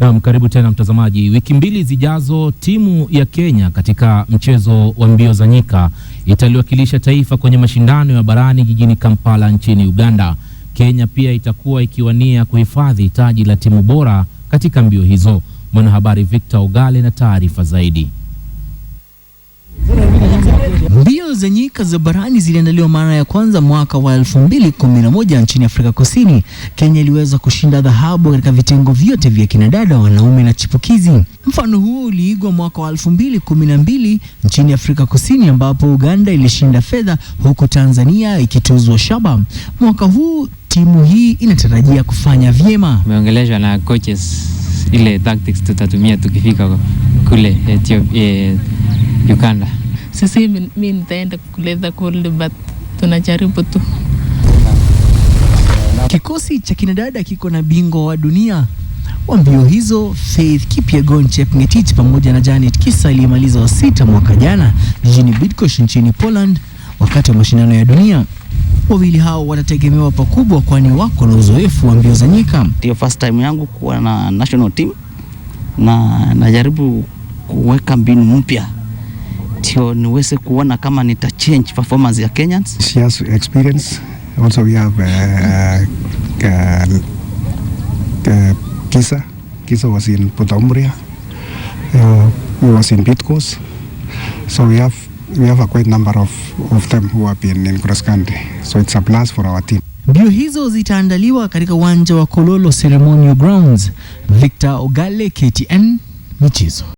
Naam, karibu tena mtazamaji. Wiki mbili zijazo, timu ya Kenya katika mchezo wa mbio za nyika italiwakilisha taifa kwenye mashindano ya barani jijini Kampala nchini Uganda. Kenya pia itakuwa ikiwania kuhifadhi taji la timu bora katika mbio hizo. Mwanahabari Victor Ogale na taarifa zaidi. za nyika za barani ziliandaliwa mara ya kwanza mwaka wa 2011 nchini Afrika Kusini. Kenya iliweza kushinda dhahabu katika vitengo vyote vya kinadada, wanaume na chipukizi. Mfano huo uliigwa mwaka wa 2012 nchini Afrika Kusini, ambapo Uganda ilishinda fedha huku Tanzania ikituzwa shaba. Mwaka huu timu hii inatarajia kufanya vyema. Umeongeleshwa na coaches ile tactics tutatumia tukifika kule Ethiopia, eh, Uganda sisi mi nitaenda kuleta kule but tunajaribu tu. Kikosi cha kinadada kiko na bingwa wa dunia wa mbio hizo Faith Kipyegon Chepngetich pamoja na Janet Kisa aliyemaliza wa sita mwaka jana jijini Bydgoszcz nchini Poland wakati wa mashindano ya dunia. Wawili hao wanategemewa pakubwa, kwani wako na uzoefu wa mbio za nyika. Ndio first time yangu kuwa na national team na najaribu kuweka mbinu mpya ndio niweze kuona kama nita change performance ya Kenyans. She has experience. Also we have uh, uh, uh, Kisa. Kisa was in Putumbria. Uh, he was in Bitcoast. So we have we have a quite number of, of them who have been in cross country. So it's a plus for our team. Mbio hizo zitaandaliwa katika uwanja wa Kololo Ceremonial Grounds. Victor Ogale, KTN Michezo.